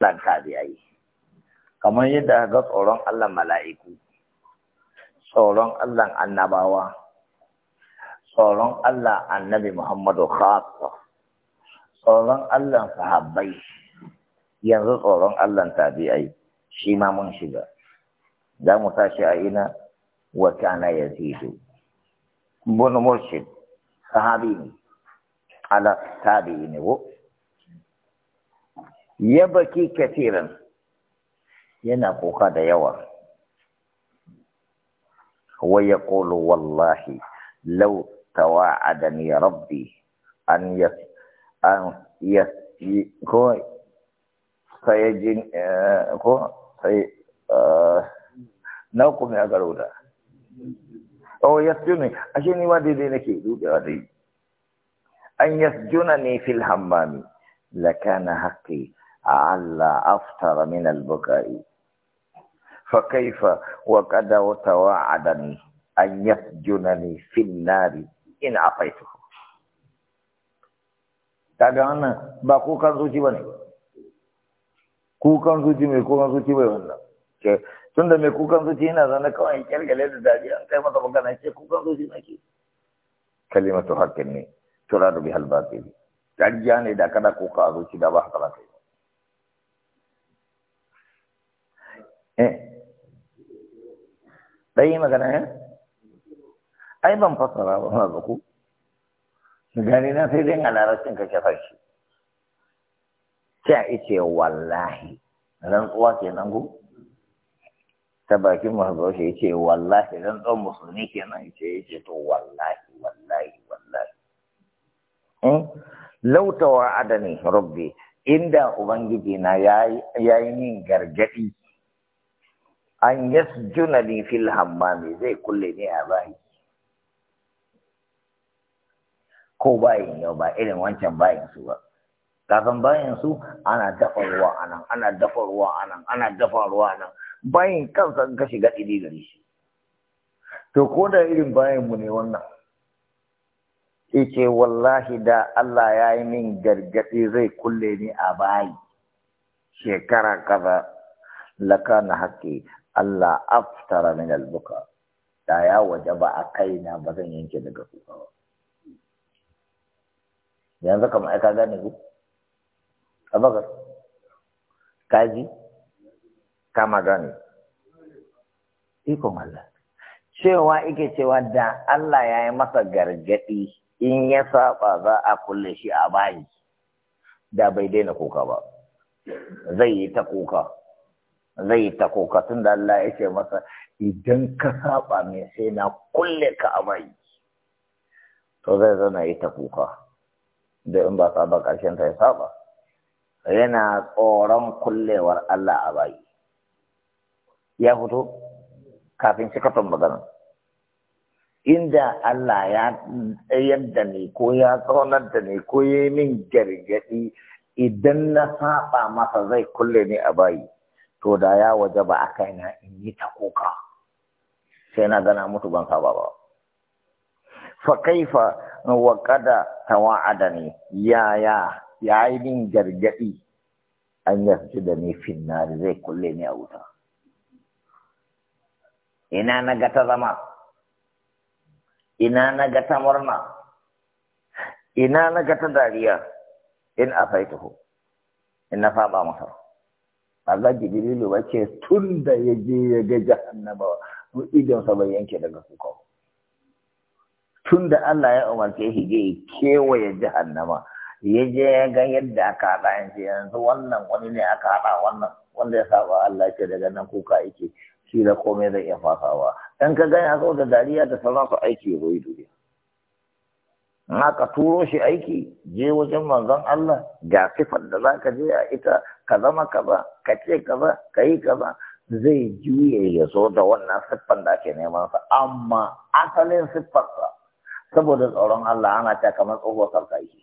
ɗan tabi'ai kamar yadda ga tsoron Allah mala'iku tsoron Allah annabawa tsoron Allah annabi Muhammadu khassa tsoron Allah sahabbai yanzu tsoron Allah tabi'ai shi ma mun shiga za mu tashi a ina wa kana yazidu bunu murshid sahabi ne ala tabi'i ne wo ya baki kasiran yana kuka da yawa wa ya ƙolo wallahi lau tawa'adani rabbi an yas an yas ko jin? Eh, ko sai eh, na a ya garo da oh yasjuni ashe ni ma daidai nake dubewa dai an yasjuna ne fil hammami lakana haqqi Allah! min ألا أفتر من البكاء wa وقد وتواعدني أن يسجنني في النار in afaitu. kaga wannan ba kukan zuci ba ne kukan zuci mai kukan zuci bai wannan Ke tunda mai kukan zuci yana zane kawai kyalgale da dadi an kai masa magana ce kukan zuci nake kalimatu haqqin ne tura da bihal baqi. dariya da kada kuka a zuci da ba haka ba ɗan yi magana ya? ai ban fasara ba ma ba ku gani na sai dai ala rashin kashe shafa sai a ice wallahi tsuwa ke nan ku ta bakin mahaifar shi ce wallahi rantsuwan musulmi ke nan ce ya ce to wallahi wallahi wallahi lautawa adani rabbi inda ubangiji na ya yi min gargadi. an yasjuna ni fil hammami zai kulle ni a bayi ko bayin yau ba irin wancan bayin su ba kafin bayin su ana dafa ruwa anan ana dafa ruwa anan ana dafa ruwa anan bayin kansa ka shiga didi gari. shi to ko da irin bayin mu ne wannan yace wallahi da Allah ya yi min gargaɗi zai kulle ni a bayi shekara kaza laka na haƙƙi Allah aftara min albuka da ya waje ba a kaina ba zan yanke daga kuka ba yanzu kamar ai ka gane ku abakar kaji kama gane ikon Allah cewa ike cewa da Allah ya yi masa gargadi in ya saba za a kulle shi a bayi da bai daina kuka ba zai yi ta kuka zai ta kokatun da Allah ya masa idan ka saba mai sai na kulle ka a mai to zai zana yi ta kuka da in ba saba ƙarshen ta ya saba yana tsoron kullewar Allah a bayi ya fito kafin kafin magana inda Allah ya tsayar da ni ko ya tsonar da ni ko ya yi min gargaɗi idan na saba masa zai kulle ni a bayi to da ya waje ba a kaina in yi ta kuka sai na gana mutu ban saba ba fa kaifa wa kada tawa'ada ne ya ya yi min gargadi an yarda da ni finnari zai kulle ni a wuta ina na ga ta zama ina na ga ta murna ina na ga ta dariya in afaituhu in na saba masa Allah Jibrilu ba ce tun da ya je ya ga jahannama idonsa bai yanke daga kuka. Tun da Allah ya umarce shi je ya kewaye jahannama ya je ya ga yadda aka haɗa ce yanzu wannan wani ne aka haɗa wannan wanda ya saba Allah ce daga nan kuka yake shi da komai zai iya fasawa. Dan ka gani a da dariya da su aiki ya zoyi Na ka turo shi aiki je wajen manzon Allah ga sifar da za ka je a ita ka zama kaza ka ce ba ka yi ba zai juye ya zo da wannan siffan da ake neman sa amma asalin siffarsa saboda tsoron Allah ana ta kamar tsohuwar sarkaki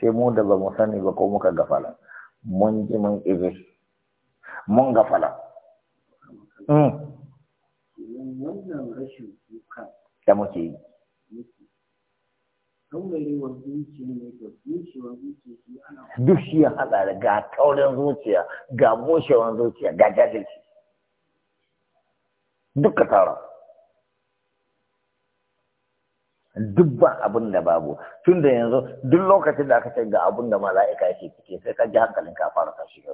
sai mu da ba mu sani ba ko muka gafala mun ji mun ibe mun gafala hmm. da muke yi duk shi ya hada da ga taurin zuciya ga bushewar zuciya ga jajirci duka tara duk ba abin da babu tun da yanzu duk lokacin da aka ce ga abin da mala'ika yake sai ka ji hankalin ka fara ka shiga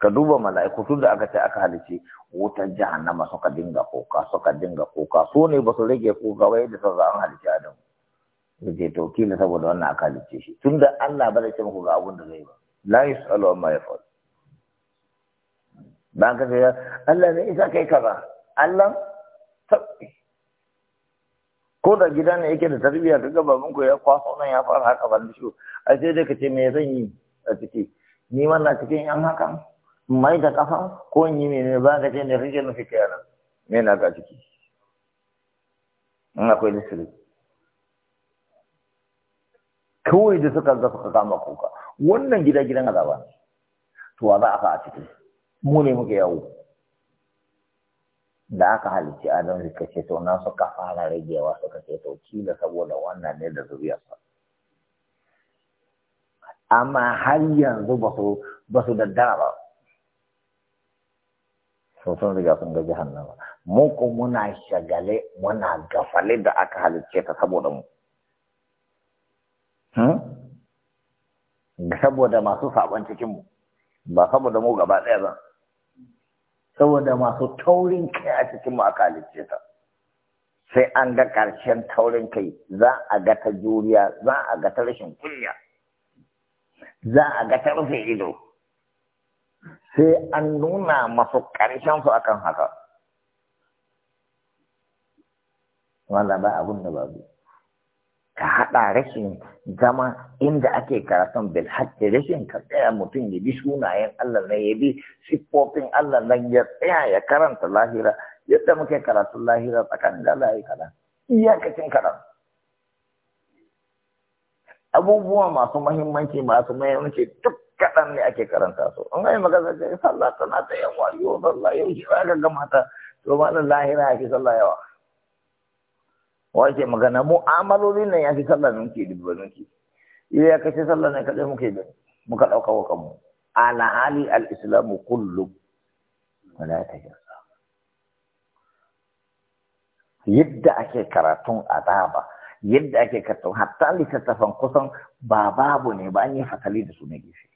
ka duba mala'iku tun da aka ce aka halice wutar jahannama suka dinga koka suka dinga kuka so ne ba su rage kuka ba yadda sa za an halice adamu yace to kila saboda wannan aka halicce shi da Allah ba zai ce muku ga abun da zai ba la yusalu amma yafal ba ka ga Allah ne isa kai kaza Allah tabbi ko da gida ne yake da tarbiyya ka baban ku ya kwaso nan ya fara haka ban shi a sai dai kace me zan yi a ciki ni ma na cikin yan haka mai da kafa ko in yi mene ba ka ce ne rike nufi kai nan me na ga ciki in akwai lissiri kawai da suka zafi ka kama kuka wannan gida gidan azaba ne to za a a ciki mu ne muka yawo da aka halicci adam suka ce to na suka fara ragewa suka ce to kila saboda wannan ne da zuriyarsa amma har yanzu ba su ba su daddara ba so sun riga sun ga jahannama mu ko muna shagale muna gafale da aka halicce ta saboda mu Hmm? saboda masu saɓon cikinmu ba saboda mu gaba ɗaya ba saboda masu taurin kai a cikinmu aka halicce ta sai an ga ƙarshen taurin kai za a ga ta juriya za a ga ta rashin kunya za a ga ta rufe ido sai an nuna masu ƙarshen su akan haka wanda ba abun da babu ka haɗa rashin zama inda ake karatun bil rashin ka tsaya mutum ya bi sunayen Allah nan ya bi siffofin Allah nan ya tsaya ya karanta lahira yadda muke karatun lahira tsakanin da Allah ya kada iyakacin kaɗan abubuwa masu mahimmanci masu mahimmanci duk kaɗan ne ake karanta su in ai magana ce sallah tana ta yawa yau sallah yau shi ba ka to lahira ake sallah yawa wace magana mu amaloli nan ya fi sallah ne muke dubba iya ya kace sallah ne kaɗai muke da muka ɗauka wa kanmu ala hali al-islamu kullum wala ta jasa yadda ake karatun azaba yadda ake karatun hatta littattafan kusan ba babu ne ba an yi fatali da su na gefe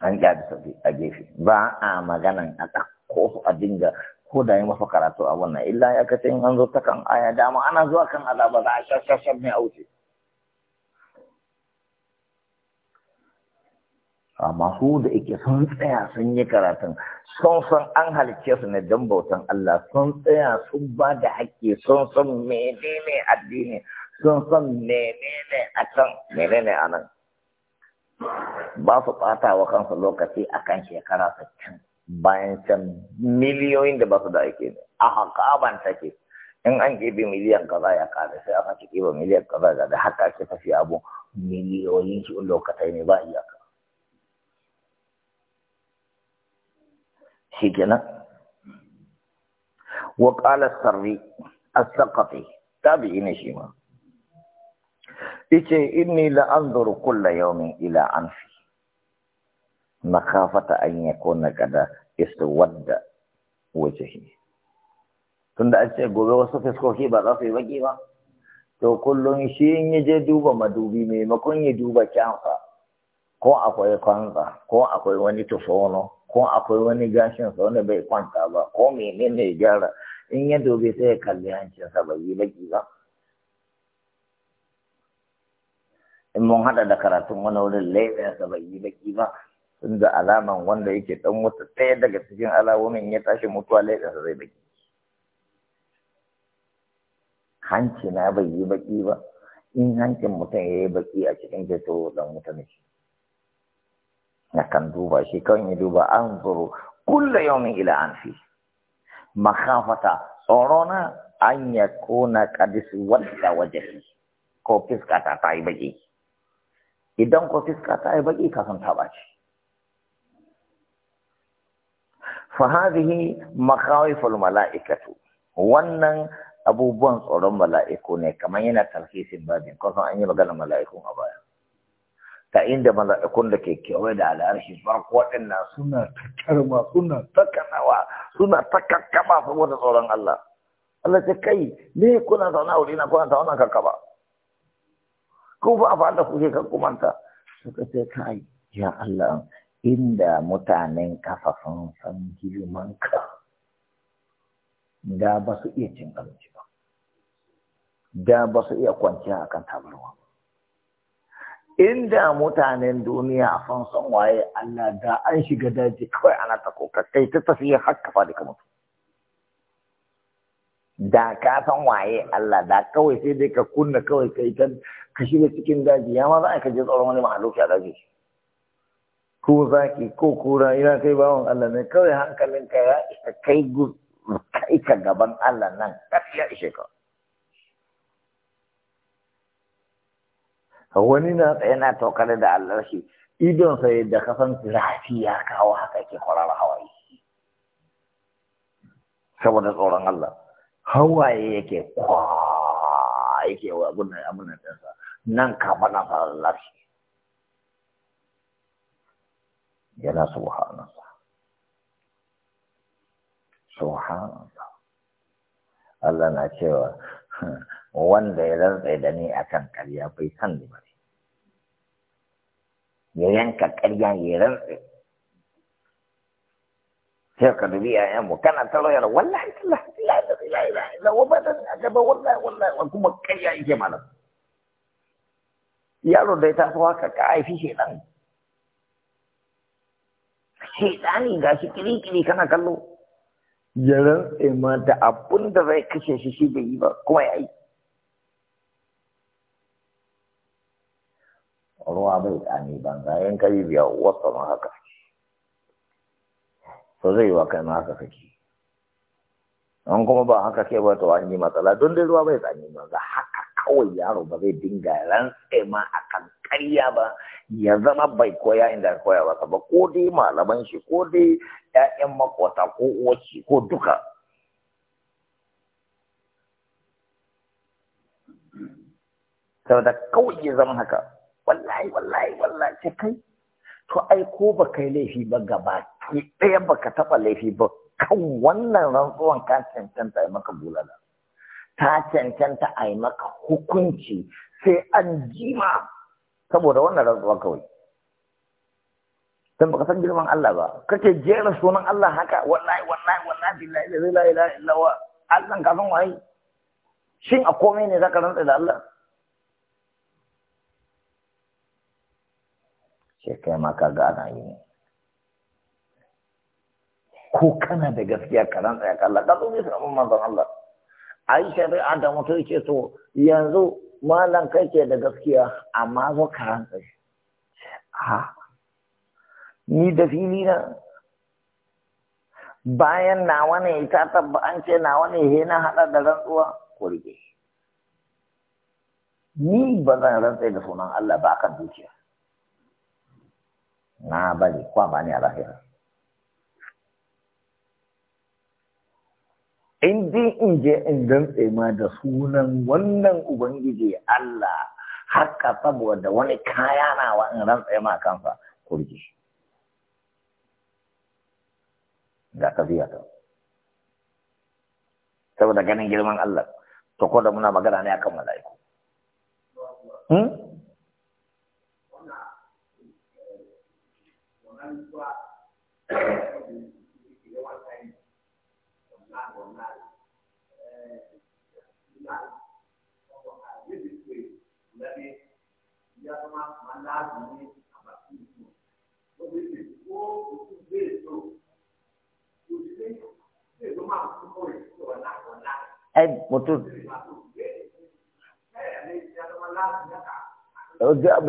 an ƙyada su a gefe ba a maganan a ɗauko su a dinga ko da yi masa karatu a wannan illa ya kace in an zo ta kan aya dama ana zuwa kan azaba za a shashashar mai auce amma su da ike sun tsaya sun yi karatun sun san an halicce su ne don bautan Allah sun tsaya sun ba da haƙƙi sun san menene addini sun san menene a can menene a nan ba su ɓata wa kansu lokaci akan shekara sittin bayan can miliyoyin da ba su da aiki ne a hakaban take in an kebe miliyan kaza ya kada sai aka ci kebe miliyan kaza da haka ake tafi abu miliyoyin su lokatai ne ba iyaka shi kenan wa qala sarri as-saqafi tabi'i ne shi ma yace inni la anzuru kulla yawmin ila anfi Na makafata an yakuna kada iswadda waje. tunda an ce gobe wasu fiskoki ba za su yi baki ba to kullum shi in ya je duba madubi maimakon ya duba kyanfa ko akwai kwanza ko akwai wani tufono ko akwai wani gashin sa wani bai kwanta ba ko menene ya gyara in ya dobe sai ya kalli hancinsa bai yi baki ba in mun hada da karatun wani wurin laifinsa bai yi baki ba tun da alaman wanda yake dan wata ɗaya daga cikin alawomin ya tashi mutuwa laifinsa zai baki hanci na bai yi baki ba in hancin mutum ya yi baki a cikin ceto dan mutane shi na kan duba shi kan yi duba an zuru kulla yawon ila an fi makafata na an ya kona kadis wadda waje ko fiska ta yi baki idan ko fiska ta yi baki kasan ta ɓaci Fahadihi makawifal mala'ikatu, wannan abubuwan tsoron mala'iku ne kamar yana talhisin babin kwasan an yi magana mala'ikun a baya ta inda mala'ikun da ke kewaye da al'arshi farko waɗannan suna takarma suna takanawa suna takakkama saboda tsoron Allah Allah ce kai ne kuna zauna wuri na kuna zauna kakkaba ko ba a fa'ada kuke kan kumanta suka ce kai ya Allah inda mutanen kafa sun san girman ka da ba su iya cin abinci ba da ba su iya kwanciya a kan tabarwa inda mutanen duniya a san san waye Allah da an shiga daji kawai ana ta koka kai ta tafiya haka fa daga mutu da ka san waye Allah da kawai sai dai ka kunna kawai kai ta ka shiga cikin daji ya ma za a ka je tsoron wani mahaluki a daji ko zaki ko kura ina kai bawan Allah ne kawai hankalinka ya isa kai kai ka gaban Allah nan ya ishe ka wani na tsaye na tokare da Allah shi idon idonsa da kasan zafi ya kawo haka ke kwarar hawaye saboda tsoron Allah hawaye yake kwa yake wa abin nan ɗinsa nan kafa na fara lafiya yana subhanallah subhanallah Allah na cewa wanda ya rantsa da ni akan ƙarya bai san ni ba ya yanka ƙarya ya rantsa sai ka dubi yayan mu kana ta rayar wallahi la ilaha illa illa wa badan ajaba wallahi wallahi wa kuma ƙarya yake malam yaro dai ta so haka ka aifi shedan shaidani ga shi kiri-kiri kana kallo ya rantse ma da abun da zai kashe shi shi bai yi ba kuma ya yi ruwa bai tsani banza yan kari biya wasa ma haka so zai wa kai ma haka kake an kuma ba haka ke ba to an yi matsala don dai ruwa bai tsani banza haka kawai yaro ba zai dinga rantse ma a kan karya ba ya zama bai koya inda koya ba ba ko dai malaman shi ko dai ƴaƴan makwata ko uwaci ko duka saboda kawai ya zama haka wallahi wallahi wallahi ce kai to ai ko ba kai laifi ba gaba ki ɗaya ka taɓa laifi ba kan wannan rantsuwan ka cancanta ya maka bulala ta cancanta a yi maka hukunci sai an jima saboda wannan rantsuwa kawai dan baka san girman Allah ba kake jera sunan Allah haka wallahi wallahi wallahi billahi la ilaha illa huwa Allah ka san wai shin a komai ne zaka rantsa da Allah sai kai ma ka ga ana yi ne ko kana da gaskiya ka rantsa ka Allah ka zo ne sanin manzon Allah ai shari'a da mutum yake so yanzu malam kai ke da gaskiya amma zo ka rantsa shi ha ni da fili na bayan na wani ta tabba an ce na wani he na hada da rantsuwa ko rike ni ba zan rantsa da sunan Allah ba kan dukiya na bari kwa bani a lahira in dai in je in rantse ma da sunan wannan ubangiji Allah haka saboda wani kaya nawa in rantse ma kansa kurji ga tafiya ta saboda ganin girman Allah to ko da muna magana ne akan mala'iku hmm? ai mutum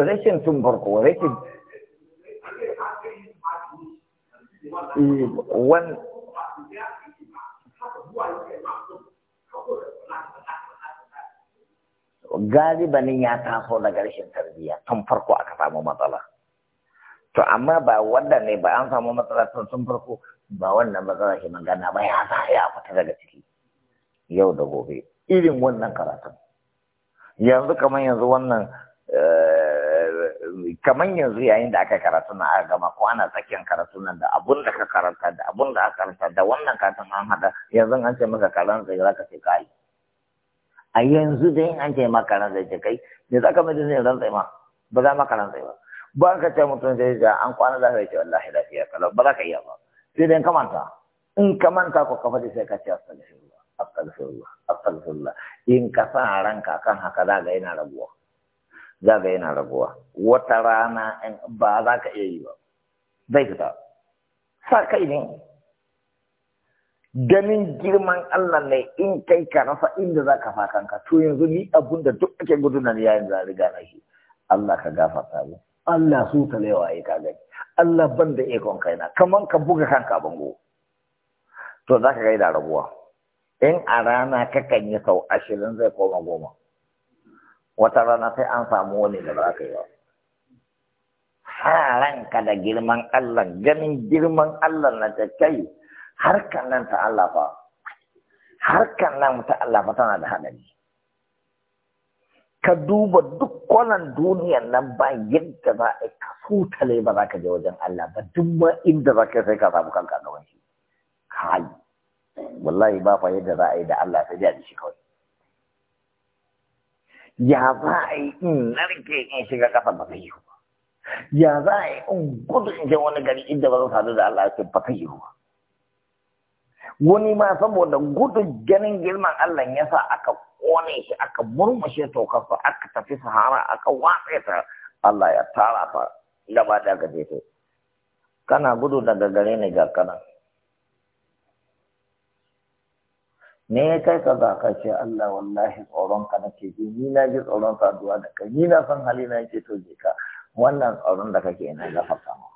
rashin tun farko rashin wannan galibanin ya taso daga rashin tarbiyya tun farko aka samu matsala to amma ba wanda ne ba an samu matsala tun farko ba wannan matsala shi magana ba ya za ya fita daga ciki yau da gobe irin wannan karatun yanzu kamar yanzu wannan eh, kamar yanzu yayin da aka karatu na aka gama ko ana tsakiyar karatu nan da abun da ka karanta da abun da aka karanta da wannan karatun an hada yanzu an ce maka kalan zai ka ce kai a yanzu yin an ce makaranta ran zai kai da za ka mai zai ran zai ma ba za maka ba ba ka ce mutum zai ga an kwana za ka ce wallahi lafiya kala ba za ka iya ba sai dai ka manta in ka manta ko kafa sai ka ce astaghfirullah astaghfirullah astaghfirullah in ka sa ranka kan haka za ga yana rabuwa za ga yana rabuwa wata rana ba za ka iya yi ba zai fita sa kai ne ganin girman Allah ne in kai ka rasa inda za ka ka to yanzu ni abun da duk ake gudu na yayin za riga na shi Allah ka gafarta mu Allah su lewa ai ka gani Allah ban da ikon kaina kaman ka buga kanka bango to za ka gaida rabuwa in a rana kakan yi sau ashirin zai koma goma wata rana sai an samu wani da ba ka yi ba sa ranka da girman Allah ganin girman Allah na da kai harkan nan ta Allah fa harkan nan ta Allah fa tana da hadari ka duba duk kwanan duniyan nan ba yadda za a ka ne ba za ka je wajen Allah ba duk ma inda za ka sai ka samu kanka gaban shi kai wallahi ba fa yadda za a yi da Allah ta da shi kawai ya za a yi in narke in shiga kafa ba kai ba ya za a yi in gudu in je wani gari inda ba za zan sadu da Allah ya ce ba kai ba wani ma saboda gudun ganin girman Allah ya sa aka kone shi aka murmushe tokarsa aka tafi sahara aka watsa ta Allah ya tara ta gaba da gaje ta kana gudu daga gare ni ga kana ne kai ka za ka ce Allah wallahi tsoron ka nake ji ni na ji tsoron ka saduwa da kai ni na san halina yake to je ka wannan tsoron da kake ina ga ma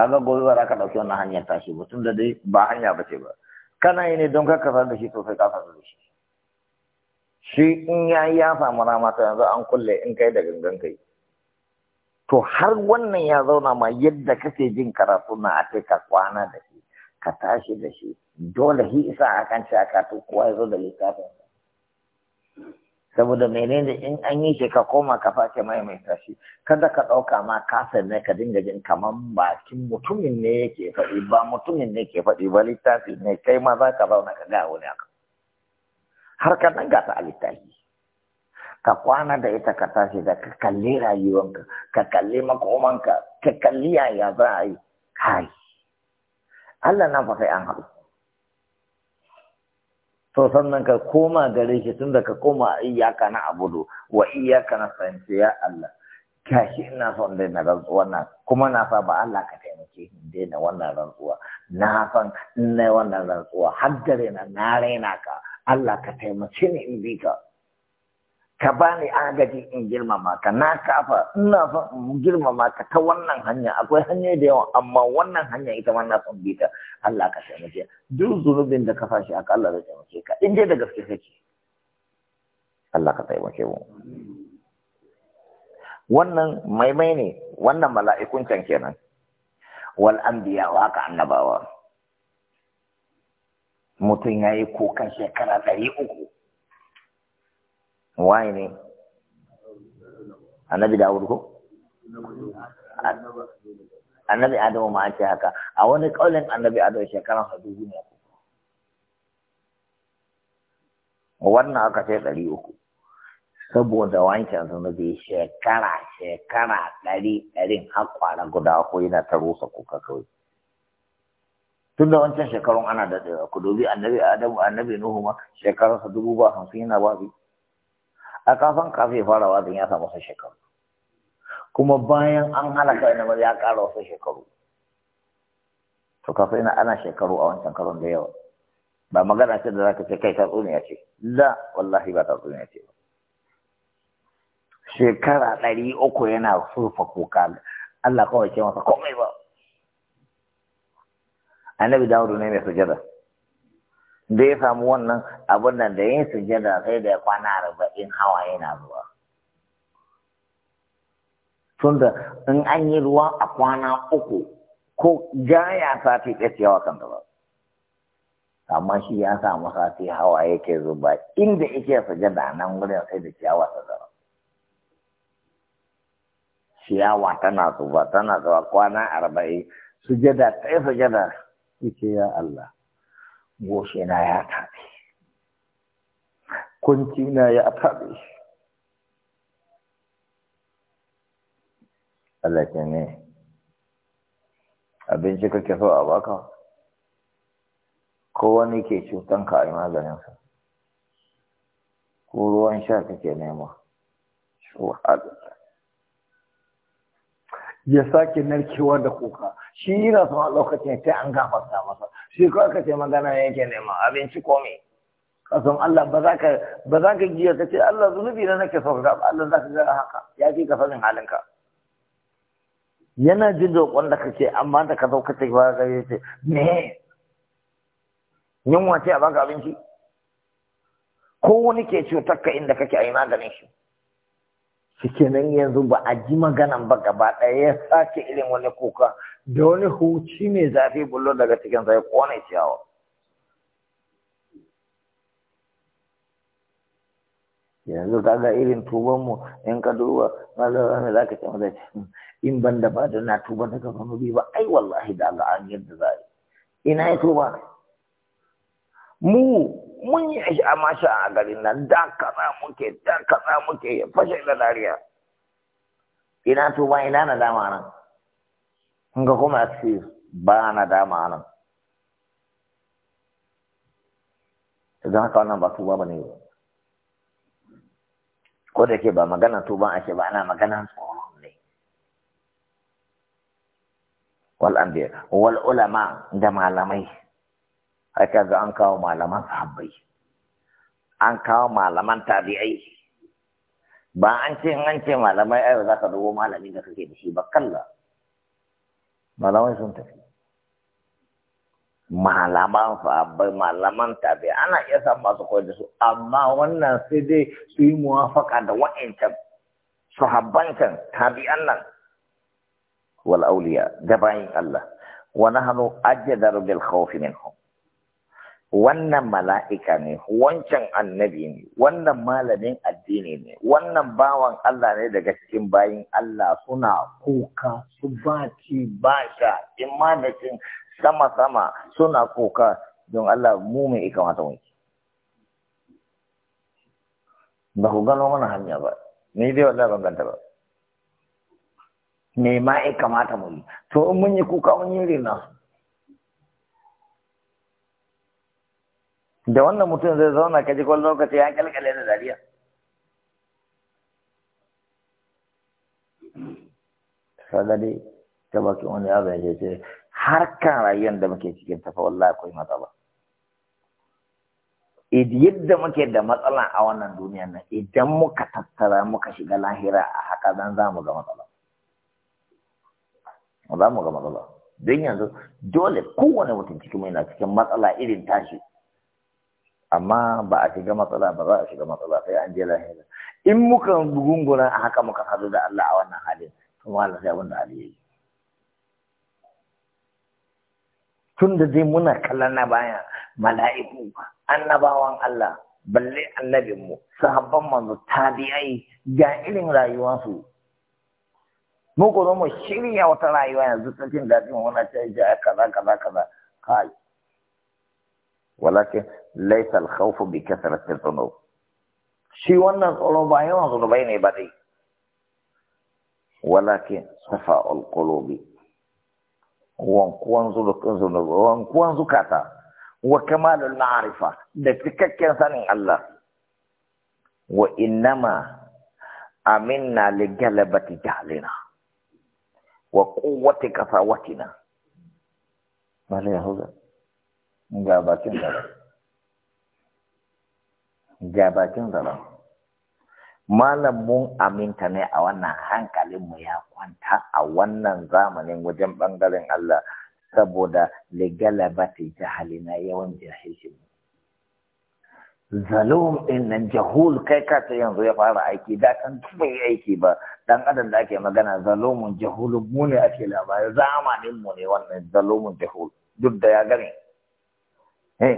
kaga gobe ba za ka ɗauki wannan hanyar tashi ba tun da dai ba hanya ba ce ba kana yi ne don ka kasar da shi to sai ka da shi shi in ya yi ya samu rama ta yanzu an kulle in kai da gangan kai to har wannan ya zauna ma yadda kake jin karatu na a ka kwana da shi ka tashi da shi dole hi isa a kan ci a kowa ya zo da littafin saboda menene in an yi shi ka koma ka face mai shi kada ka ɗauka ma kasar ne ka dinga jin kaman bakin mutumin ne yake faɗi ba mutumin ne ke faɗi ba littafi ne kai ma za ka zauna ka gaya wani haka har ka nan gasa a littafi ka kwana da ita ka tashi da ka kalli rayuwanka ka kalli makomanka ka kalli yaya za a yi kai Allah na fa sai an haɗu to sannan ka koma gare shi tun da ka koma iyaka na abudu wa iyaka na sanci ya Allah kashi ina son daina rantsuwa na kuma na sa ba Allah ka taimake ni daina wannan rantsuwa na san in wannan rantsuwa har na na raina ka Allah ka taimake ni in bi ka ka bani agaji in girmama ka na kafa ina fa girmama ka ta wannan hanya akwai hanyoyi da yawa amma wannan hanya ita ma na son bi ta Allah ka taimake duk zunubin da ka fashi a Allah zai taimake ka in dai da gaske kake Allah ka taimake mu wannan maimai ne wannan mala'ikun can kenan wal anbiya wa ka annabawa mutum yayi kukan shekara ɗari uku waye ne annabi dawud ko annabi adamu ma ake haka a wani ƙaunin annabi adamu shekaran sa dubu ne wannan aka sai ɗari uku saboda wancan zunubi shekara shekara ɗari ɗarin har kwana guda ko yana ta rusa kuka kawai tun wancan shekarun ana daɗewa ku dubi annabi adamu annabi nuhu ma shekararsa dubu ba hamsin yana ba biyu a kafan kafin fara wazin ya samu wasu shekaru kuma bayan an hana kawai na ya ƙara wasu shekaru to kafin ana shekaru a wancan karon da yawa ba magana ce da zaka ce kai tatsuniya ce la wallahi ba tatsuniya ce ba shekara ɗari uku yana surfa kuka Allah kawai ce masa komai ba annabi dawudu ne mai sujada da ya samu wannan abin nan da yin sujada sai da ya kwana arba'in hawa yana zuwa tunda in an yi ruwa a kwana uku ko jaya sati ɗaya ciyawa kan ba amma shi ya samu sati hawa yake zuba inda yake sujada nan wurin sai da ciyawa ta zara ciyawa tana zuba tana zuba kwana arba'in sujada ɗaya sujada yake ya Allah Goshe na ya taɓe kunci na ya taɓe Allah ke ne abinci kake so a baka ko wani ke cutanka a yi maganinsa ko ruwan sha kake nema ya sake narkewa da kuka shi yana son a lokacin sai an gafarta masa shi kawai ka ce magana yake nema abinci komai kasan Allah ba za ka ba za ka giya ka ce Allah zunubi na nake son ba Allah za ka ga haka ya fi ka sanin halinka yana jin roƙon da kake amma da ka zauka ce ba ga yace me yunwa ce a baka abinci ko wani ke cutar ka inda kake a yi maganin shi nan yanzu ba a ji maganan ba gaba ɗaya ya sake irin wani kuka da wani huci mai zafi bullo daga cikin sai kone ciyawa yanzu kaga irin tuban mu in ka duba malama ne zaka ce mata hmm, in ban da ba da na tuba daga zunubi ba ai wallahi da Allah an yadda za ina ya tuba mu mun yi a masha a garin nan da kaza muke da kaza muke ya fashe da dariya ina tuba ina na dama nan kun ga kuma ce ba na dama nan idan haka wannan ba tuba ba ne ko da ke ba magana tuba ake ba ana magana tsoron ne wal anbiya wal ulama da malamai haka ga an kawo malaman sahabbai an kawo malaman tabi'ai ba an ce an ce malamai ai za ka dubo malamin da kake da shi ba kalla malamai sun tafi malaman sahabbai malaman tabi'ai ana iya san masu koyar da su amma wannan sai dai su yi muwafaka da wa'ancan sahabbancan tabi'an nan wal auliya da bayin Allah wa nahnu ajdaru bil khawfi minhum wannan mala'ika ne wancan annabi ne wannan malamin addini ne wannan bawan Allah ne daga cikin bayin Allah suna kuka su ci ba sha imanacin sama-sama suna kuka don Allah mu mai ikamata mata wanki ba ku gano mana hanya ba ni dai wallah ban ganta ba me ma ya kamata mu yi to in mun yi kuka mun yi rina da wannan mutum zai zauna ka ji kwan lokaci ya kalkale da dariya sadari ta baki wani ya zai ce har kan rayuwar da muke cikin tafa wallahi akwai matsala yadda muke da matsala a wannan duniya nan idan muka tattara muka shiga lahira a haka zan za mu ga matsala za mu ga matsala don yanzu dole kowane mutum cikin mai na cikin matsala irin tashi amma ba a shiga matsala ba za a shiga matsala sai an je lahira in muka gunguna a haka muka hadu da Allah a wannan halin to Allah sai abin da Ali yi tun da dai muna kallon na baya mala'iku annabawan Allah balle annabinmu sahabban manzo tabi'ai ga irin rayuwarsu mu ko mu shirya wata rayuwa yanzu ta da daɗin wani ta ji kaza kaza kaza kai ولكن ليس الخوف بكثرة الذنوب شيء وانا ظنوبا يوم ظنوبين بدي ولكن صفاء القلوب وانكوانزو لكنزو وانكوانزو كاتا وكمال المعرفة لتكك كنسان الله وإنما أمنا لجلبة جهلنا وقوة قساوتنا ما ليه هذا ga bakin zara ga bakin malam mun aminta ne a wannan hankalin mu ya kwanta a wannan zamanin wajen bangaren Allah saboda yi jahalina yawan jahilcin zalum din nan jahul kai ka ta yanzu ya fara aiki da kan yi aiki ba dan adam da ake magana zalumun jahulun mu ne ake labari zamanin mu ne wannan zalumun jahul duk da ya gane eh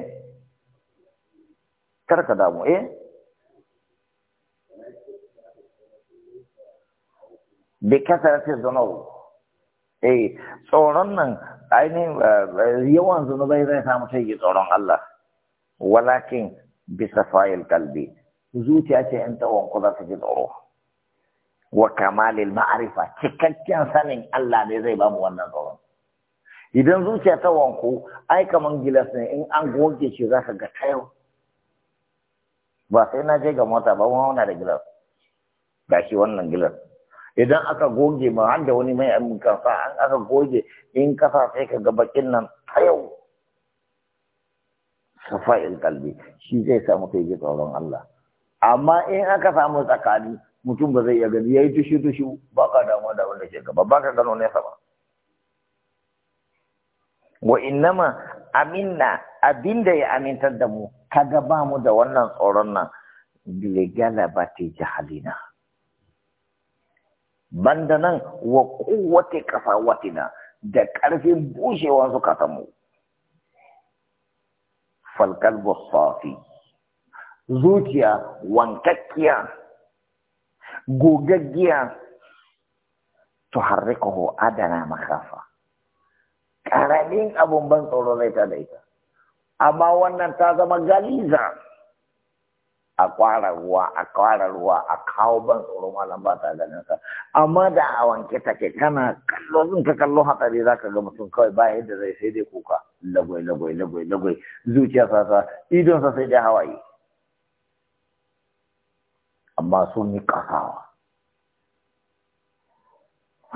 kar ka damu eh bi kasaratin eh tsoron nan ainihin eh, yawan zunubai zai samu sai ji tsoron Allah walakin bisa fayil kalbi zuciya ce in ta wanku za ji tsoro wa kamalil ma'arifa cikakken sanin Allah ne zai bamu wannan tsoron idan zuciya ta wanko ai kaman gilas ne in an goge shi za ka ga tayo ba sai na je ga mota ba wani da gilas gashi wannan gilas idan aka goge ma har da wani mai amin sa an aka goge in kasa sai ka ga bakin nan ta yau safa'il kalbi shi zai samu kai ji tsoron Allah amma in aka samu tsakani mutum ba zai iya gani yayi tushe-tushe, ba ka damuwa da wanda ke gaba ba ka gano nesa ba wa innama aminna abinda ya amintar da mu kaga ba mu da wannan tsoron nan ligalabati jahalina banda nan wa ƙafa kafawatina da ƙarfin bushewar zukatanmu falkal safi zuciya wankakkiya gogaggiya tuharrikuhu adana makafa karamin abun ban tsoro zai ta da amma wannan ta zama galiza a kwara ruwa a kwara ruwa a kawo ban tsoron malam ba ta ganin sa amma da a wanke take kana kallo in ka kallo hatsari ka ga mutum kawai ba yadda zai sai dai kuka lagwai lagwai lagwai lagwai zuciya sa sa idon sa sai dai hawaye amma sun yi kasawa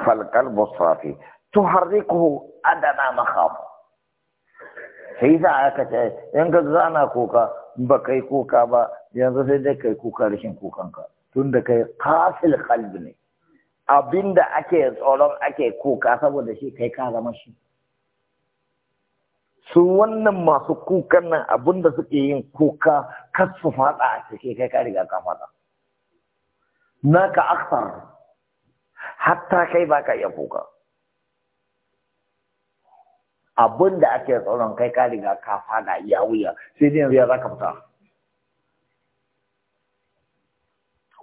falkal busrafi tuharrikuhu adana makhafu sai za a ce in ka zana kuka ba kai kuka ba yanzu sai dai kai kuka rashin kukanka tunda kai qasil qalbi ne abinda ake tsoron ake kuka saboda shi kai ka zama shi su wannan masu kukan nan abinda suke yin kuka kasu su fada a cike kai ka riga ka fada naka aksar hatta kai baka iya kuka abin da ake tsoron kai ka riga ka fada iya wuya sai dai yanzu ya zaka fita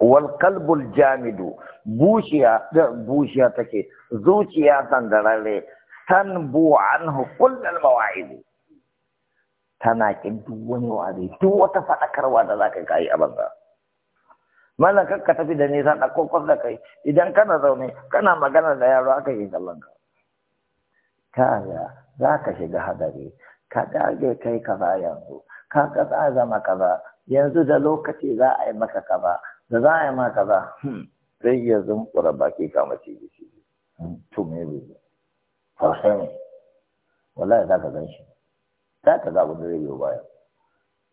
wal qalbul jamidu bushiya da bushiya take zuciya san bu anhu kullal mawa'id tana kin duk wani duk wata fadakarwa da zaka kai a banza mallan kanka tafi da nisa da kokon da kai idan kana zaune kana magana da yaro aka yi kallon ka kaya za ka shiga hadari ka dage kai ba yanzu ka kaza zama ba yanzu da lokaci za a yi maka ba da za a yi maka ba hmm, zai iya zunkura baki kama mace da shi hmm, to me ne sosai ne wallahi za ka gan shi za ka ga abin da zai yi baya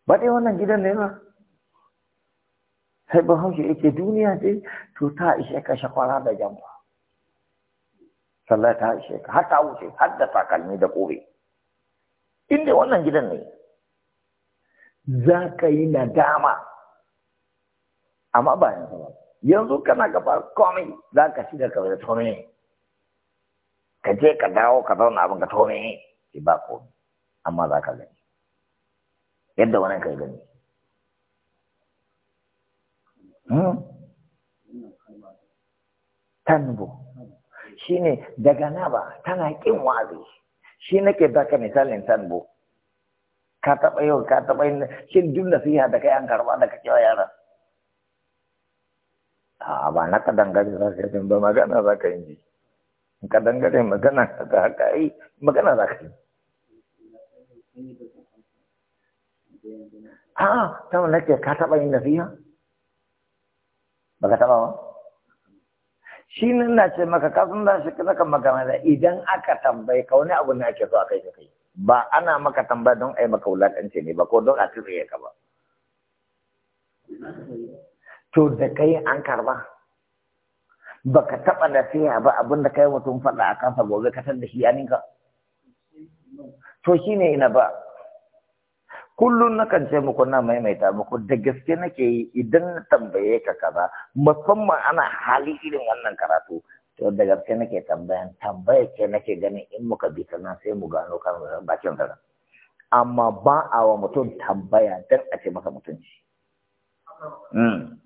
ba dai wannan gidan ne ba sai ba bahaushe yake duniya dai to ta ishe ka shakwara da jamba sallah ta haishe ka har ta wuce har da takalmi da kobe inda wannan gidan ne za ka yi nadama amma ba yanzu ba yanzu kana gaba komai za ka shiga ka da tome ka je ka dawo ka zauna abin ka tome ki ba komai amma za ka gani yadda wannan ka gani hmm? tanbo shine daga naba tana kin wazi shi nake baka misalin tanbo ka taɓa yau ka taɓa yin shin duk nasiha da kai an karɓa da kake wa yaran a ba na ka dangare za ka yi ba magana za ka yi in ka dangare magana ka yi magana za ka yi a ta nake ka taɓa yin nasiha ba ka taɓa ba shi nan na ce maka kasan da shi na kan magana idan aka tambayi ka wani abu ne ake so a kai kai ba ana maka tambaya don a yi maka wulaƙanci ne ba ko don a tsitsiye ka ba to da kai an karba baka taba ya ba abinda kai mutum faɗa a kansa gobe ka san da shi yaninka to ne ina ba kullum na kan ce muku na maimaita muku da gaske nake yi idan na tambaye ka kaza musamman ana hali irin wannan karatu to da gaske nake tambayan tambaya ke nake ganin in muka bi ta nan sai mu gano kan bakin zara amma ba a wa mutum tambaya dan a ce maka mutunci hmm.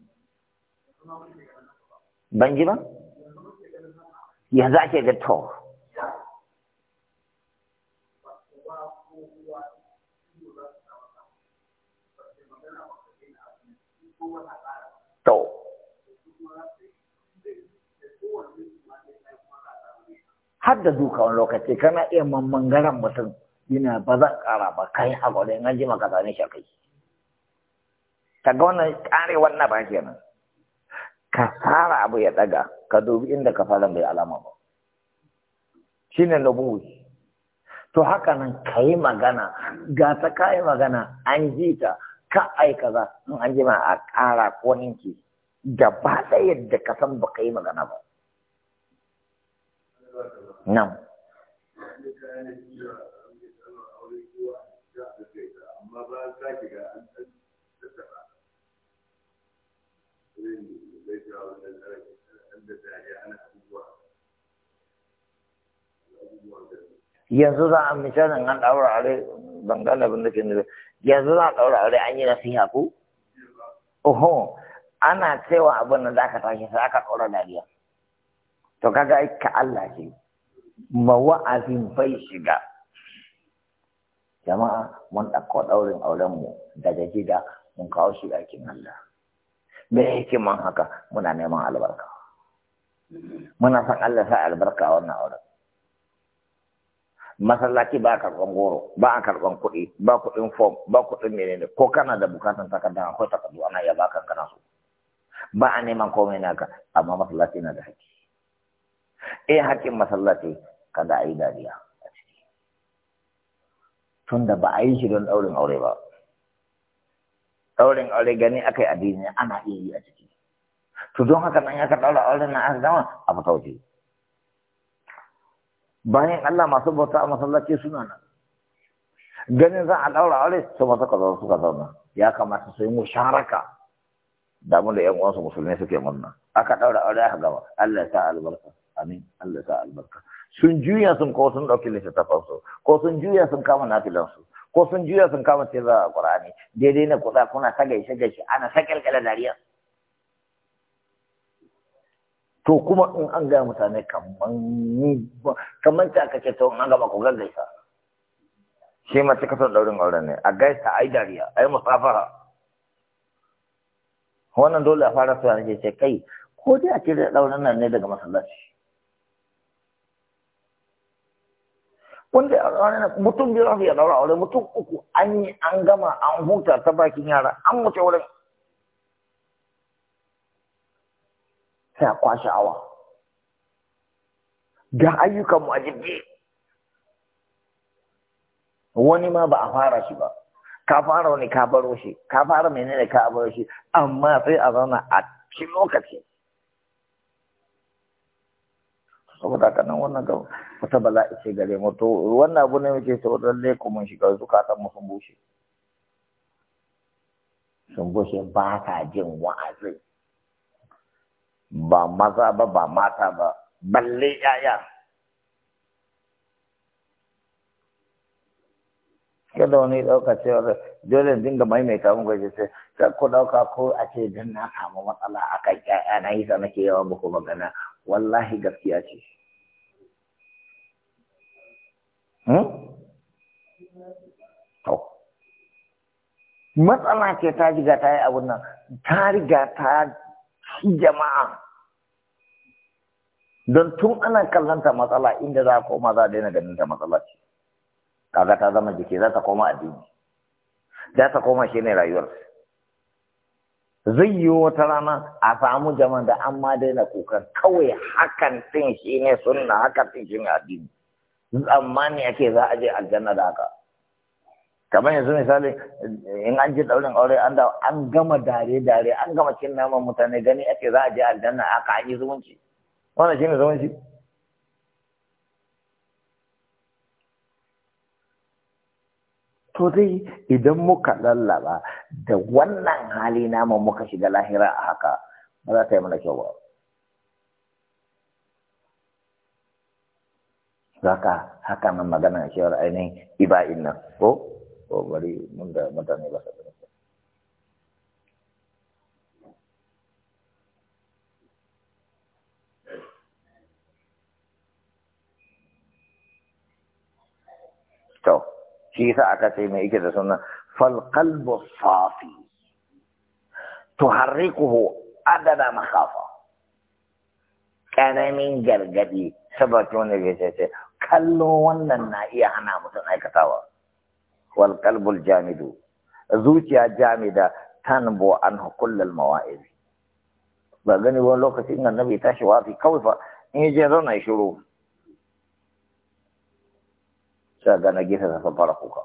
ban ji ba yanzu ake ga to to har da duka wani lokaci kana iya mangaren mutum yana ba zan kara ba kai haƙuri in an ji maka zane shi kai ka ga wannan kare wannan ba kenan ka fara abu ya daga ka dubi inda ka fara bai alama ba shine nubuwi to haka nan ka yi magana ga ta ka yi magana an ji ta ka ai kaza in an jima a ƙara ko ninki gaba ɗaya da ka san baka yi magana ba nan yanzu za a misalin an ɗaura a rai ban gane abin da ke nufi yanzu za a ɗaura aure an yi nasiha ku? oho ana cewa abin da da ka tashi sai aka ɗaura dariya to kaga ka Allah ce mawa'azin bai shiga jama'a mun ɗauko ɗaurin auren mu daga gida mun kawo shi aikin Allah me hikiman haka muna neman albarka muna san Allah sa albarka a wannan auren masallaci ba a karɓan goro ba a karɓan kuɗi ba kuɗin fom ba kuɗin menene ko kana da bukatan takarda akwai takardu ana iya baka kana so ba a neman komai naka amma masallaci na da haƙƙi eh haƙƙin masallaci kada a yi dariya a ciki tunda ba a yi shi don ɗaurin aure ba ɗaurin aure gani aka yi addini ana iya yi a ciki to don haka nan ya ka ɗaura aure na an a fita bayan Allah masu bauta a masallaci suna nan ganin za a daura aure su masu kaza suka zauna ya kamata su yi sharaka. da mu da yan uwansu musulmi suke murna aka ɗaura aure aka gaba Allah ya sa albarka amin Allah ya sa albarka sun juya sun ko sun ɗauki littattafan su ko sun juya sun kama nafilan su ko sun juya sun kama teza a Qur'ani daidai na kuɗa kuna ta gaishe ana sakalkala kalkala dariya to kuma in an gaya mutane kaman ta aka ce to an gaba ku gaggaisa shi ma cika kasar daurin auren ne a gaisa ai dariya ai musafara wannan dole a fara suwa ne ce kai ko dai a cire daurin nan ne daga masallaci wanda mutum biyu za su iya daura aure mutum uku an yi an gama an huta ta bakin yara an wuce wurin sai a kwashe awa ga ayyukan wajibi wani ma ba a fara shi ba ka fara wani ka baro shi ka fara menene ka baro shi amma sai a zauna a cikin lokaci saboda haka nan wannan gaba wata bala'i ce gare mu to wannan abu ne muke so don ku mun shiga zukatan mu sun bushe sun bushe ba ta jin wa'azi ba maza ba ba mata ba balle yaya kada wani ɗauka cewa dole dinga maimaita mun gaje sai ka ku ɗauka ko a ce dan na samu matsala a yaya 'ya'ya, na yi sa nake yawa muku magana wallahi gaskiya ce hmm? matsala ce ta riga ta yi abun nan ta riga ta jama'a don tun ana kallanta matsala inda za a koma za a daina ganin ta matsala ce kaga ta zama jiki za ta koma addini za ta koma shi ne rayuwar zai yi wata rana a samu jama'a da an ma daina kukan kawai hakan tun shi ne sunna hakan tun shi ne addini amma ne ake za a je aljanna da haka kamar yanzu misali in an ji daurin aure an an gama dare dare an gama cin naman mutane gani ake za a je aljanna aka an yi zumunci wannan shi ne zaman shi to dai idan muka lallaba da wannan hali namu muka shiga lahira a haka ba za ta yi mana kyau ba zaka haka nan magana cewar ainihin iba'in nan ko ko bari mun da mutane ba sabbi shi yasa aka ce mai yake da sunan fal safi tuharrikuhu adada makhafa karamin gargadi sabaki ne ya ce ce kallo wannan na iya hana mutum aikatawa wal qalbul jamidu zuciya jamida tanbo an kullal mawa'iz ba gani wani lokacin annabi tashi wafi kawai fa in je zauna shiru sai ga na gefe sa fara kuka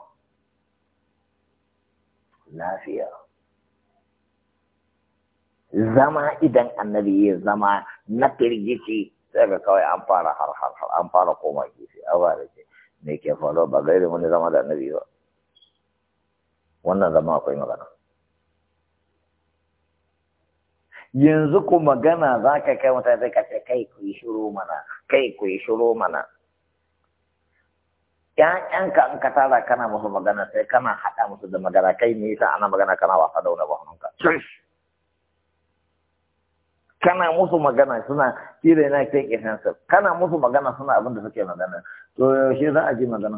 lafiya zama idan annabi ya zama na firgici sai ga kawai an fara har har har an fara koma gefe a ba da ke ne ke faruwa ba gairi wani zama da annabi ba wannan zama akwai magana yanzu ku magana za ka kai mutane ka ce kai ku yi shiru mana kai ku yi shiru mana ‘ya’yanka in ka tara kana musu magana sai kana haɗa musu da magana kai ne ta ana magana kana wasa da wani bahanka kana musu magana suna kire na kai kisansa kana musu magana suna abin da suke magana to yaushe za a ji magana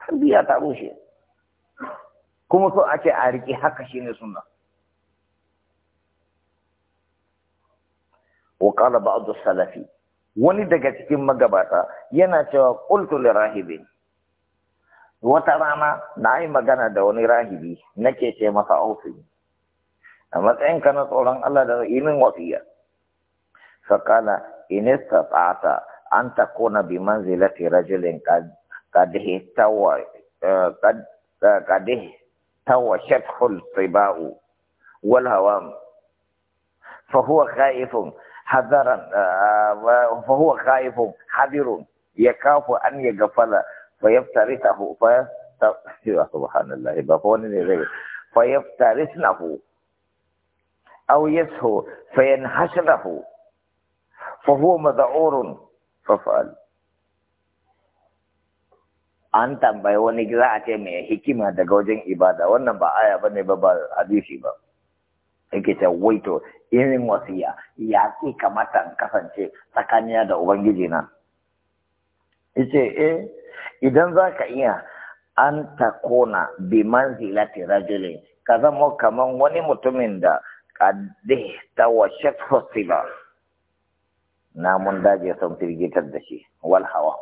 tarbiya ta rushe kuma so ake a riƙe haka shine Wa ƙala ba'adu Salafi. wani daga cikin magabata yana cewa ƙultu li rahibi wata rana na yi magana da wani rahibi nake ce masa aufi a matsayin ka na tsoron Allah da imin wafiya fakala inista tsata an kona bi manzilati rajulin qad ihtawa ta wa wal hawam fa huwa khaifun hazaran fa huwa khaifun hadirun Ya yakafu an ya gafala! fa hu! fa yastaghfiru subhanallah ba fa wani ne zai fa yaftarisnahu aw yashu fa yanhashrahu fa huwa mad'urun fa fa'al an tambayi wani gida a ce mai hikima daga wajen ibada wannan ba aya bane ba ba hadisi ba yake ta waito irin wasiya ya ƙi kamata kasance tsakaniya da ubangiji na Ice, eh idan za ka iya an ta kona biman manzilati rajulin ka zama kaman wani mutumin da kadde ta washe fasila namun daji sun firgitar da shi wal hawa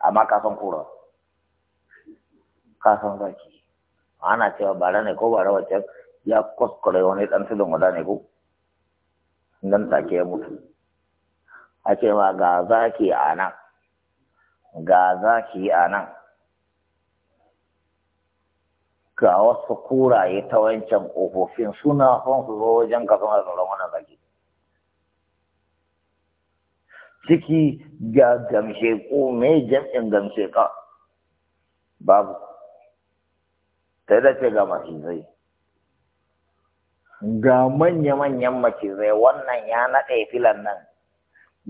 amma ka san kura ka san zaki ana cewa bara ne ko bara wacce ya kuskure wani ɗan tudun wada ne ku nan take ya mutu a cewa ma ga ki a nan ga za ki a nan ga wasu kuraye ta wancan ƙofofin suna son su zo wajen ka suna tsoron wannan zaki ciki ga gamshe ko me jam'in gamshe ka babu ta yi da ce ga macizai ga manya-manyan macizai wannan ya naɗe filan nan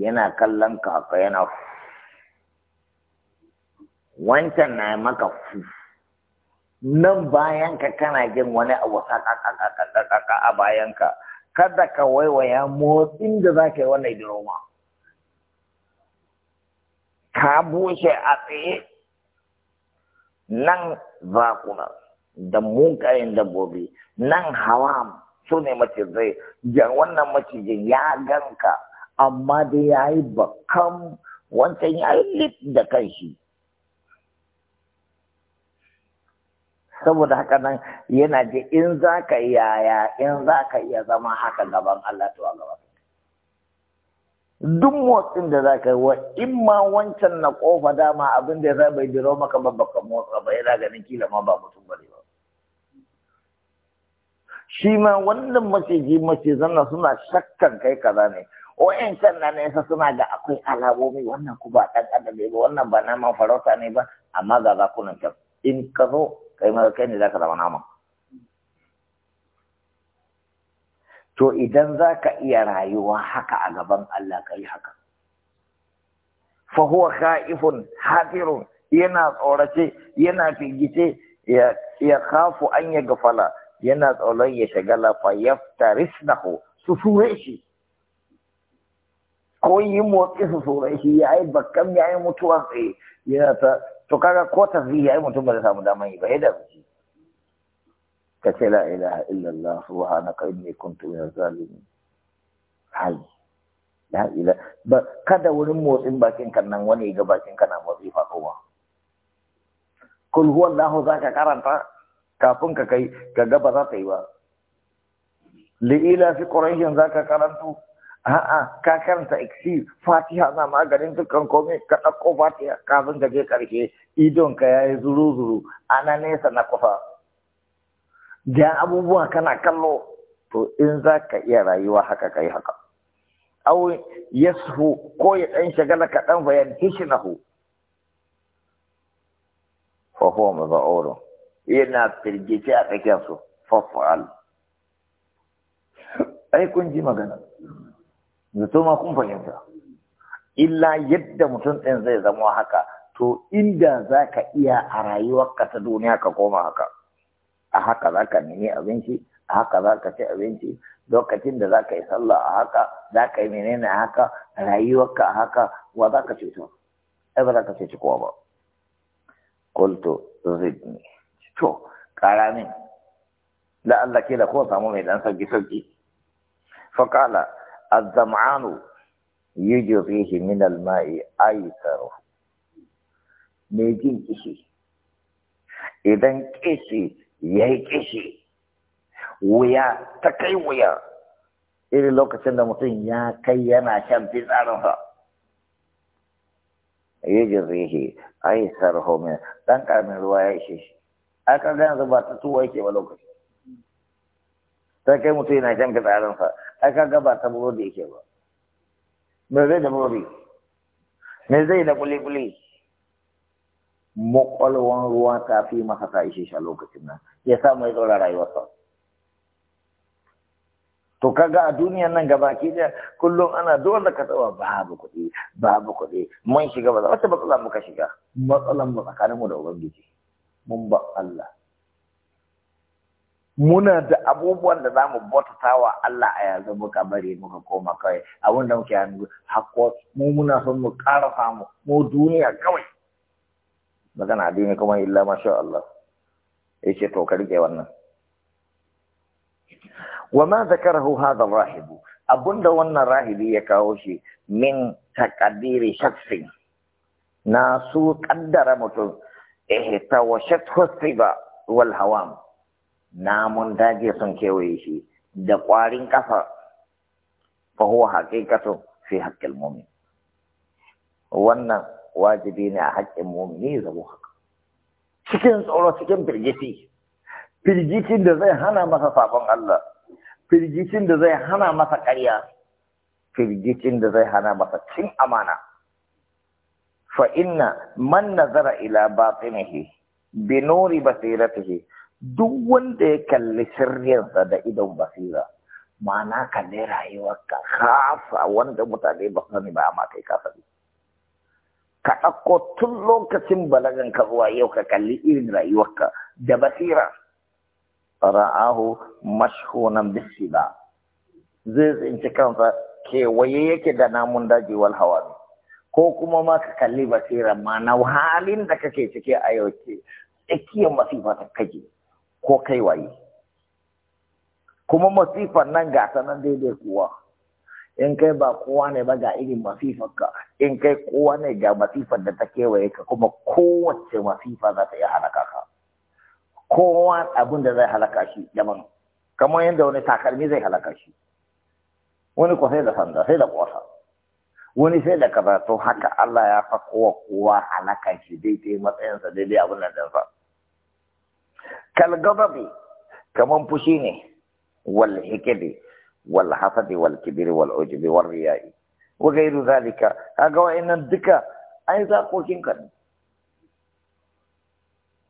yana kallon kaka yana wancan na maka fu nan bayan ka kana jin wani abu sakakakakaka a bayan ka, kada ka waiwaya motsin da za ka yi wannan ka bushe a tsaye nan zakuna da munkarin dabbobi nan hawa su ne macizai wannan macijin ya ganka amma dai ya yi bakan wancan ya yi lit da kanshi saboda haka nan yana ji in za ka yaya in za ka iya zama haka gaban Allah to gaban duk motsin da za ka yi wa in ma wancan na kofa dama abin da ya bai diro maka ba motsa ba yana ganin kila ma ba mutum bane ba shi ma wannan maciji macizan nan suna shakkan kai kaza ne wa'yan can na nesa suna ga akwai alamomi wannan ku ba ɗan adam ne ba wannan ba naman farauta ne ba amma ga zakunan kyau. in ka zo kai ma kai ne zaka zama naman to idan za ka iya rayuwa haka a gaban Allah ka yi haka fa huwa kha'ifun hadirun yana tsorace yana figice ya khafu an ya gafala yana tsoron ya shagala fa yaftarisnahu su sure shi ko yi motsi su sure shi ya yi bakkan ya yi mutuwa tsaye eh, yana ta to kaga ko zai ya yi mutum ba zai samu daman yi ba ya dace ka ce la ilaha illallah subhanaka inni kuntu minaz zalimi hai la ila ba kada wurin motsin bakin kan nan wani ga bakin kana motsi fa kowa kul za zaka karanta kafin ka kai ka ga ba za ta yi ba li'ila fi za ka karanta a'a ka karanta iksir fatiha na maganin dukkan komai ka ɗauko fatiha kafin ka je ƙarshe idon ka yi zuru zuru ana nesa na kusa. da abubuwa kana kallo to in za ka iya rayuwa haka kai haka ya yashu ko ya ɗan shagala kaɗan dan bayan tishnahu fa huwa maza'urun yana firgice a tsakiyar su fafa'al ai kun ji magana zato ma kun fahimta illa yadda mutum ɗin zai zama haka to inda za ka iya a rayuwarka ta duniya ka koma haka a haka za ka nemi abinci a haka za ka ci abinci lokacin da za ka yi sallah a haka za ka yi menene a haka rayuwarka a haka wa za ka ceto ai ba za ka ci kowa ba kultu zidni to ƙara min la'alla ke da ko samu mai dan sauki sauki fa qala az-zam'anu yujrihi min al-ma'i aysaru me jin kishi idan kishi yayi kishi wuya ta kai wuya irin lokacin da mutum ya kai yana shan fitsarinsa yajrihi aisar homin dan karamin ruwa ya ishe shi a ga yanzu ba ta tuwa yake ba lokaci ta kai mutum yana shan fitsarinsa a ka ga ba ta burodi yake ba me zai da burodi me zai da kuli-kuli makwalwan ruwa ta fi masa ta ishe shi a lokacin nan ya sa mai tsora rayuwarsa to kaga a duniyan nan gaba ke da kullum ana dole ka tsawa babu kuɗi babu kuɗi mun shiga ba za wata matsala muka shiga matsalan mu tsakanin mu da ubangiji mun ba Allah muna da abubuwan da za mu bautata wa Allah a yanzu muka bari muka koma kawai abin da muke yanzu hakko mu muna son mu ƙara samu mu duniya kawai magana addini kuma illa masha Allah yace to ka rike wannan wa ma zakarahu hadha ar-rahib abunda wannan rahibi ya kawo shi min taqdiri shakhsin na su kaddara mutum ihtawashathu eh, siba wal hawam namun daji sun kewaye shi da kwarin ƙasa fa huwa haqiqatu fi haqqil mu'min wannan wajibi ne a haƙƙin mu'mini zabo haka cikin tsoro cikin firgiti firgitin da zai hana masa sabon Allah firgitin da zai hana masa ƙarya firgitin da zai hana masa cin amana فإن من نظر إلى باطنه بنور بصيرته duk wanda ya kalli sirriyarsa da idon basira ma'ana kalli rayuwarka kasa wanda mutane ba sani ba amma kai kasa ne ka ɗauko tun lokacin balagan ka zuwa yau ka kalli irin ka da basira ra'ahu mashhunan bisila zai tsinci kansa kewaye yake da namun daji wal ne ko kuma ma ka kalli basirar ma na halin da kake cike a yau ke tsakiyar masifa ta kaje ko kai waye kuma masifar nan ga ta nan daidai kuwa in kai ba kowa ne ba ga irin ka in kai kowa ne ga masifar da ta kewaye ka kuma kowace masifa za ta iya halaka ka kowa abin da zai halaka shi daban kamar yadda wani takalmi zai halaka shi wani kwasai da sanda sai da kwasa wani sai da kaza to haka Allah ya fa kowa kowa halaka shi daidai matsayinsa daidai abin nan da fa kal gababi kaman fushi ne wal hikidi wal hasadi wal kibir wal ujubi wal riya'i wa ghairu zalika kaga wa'annan duka ai kokin ka ne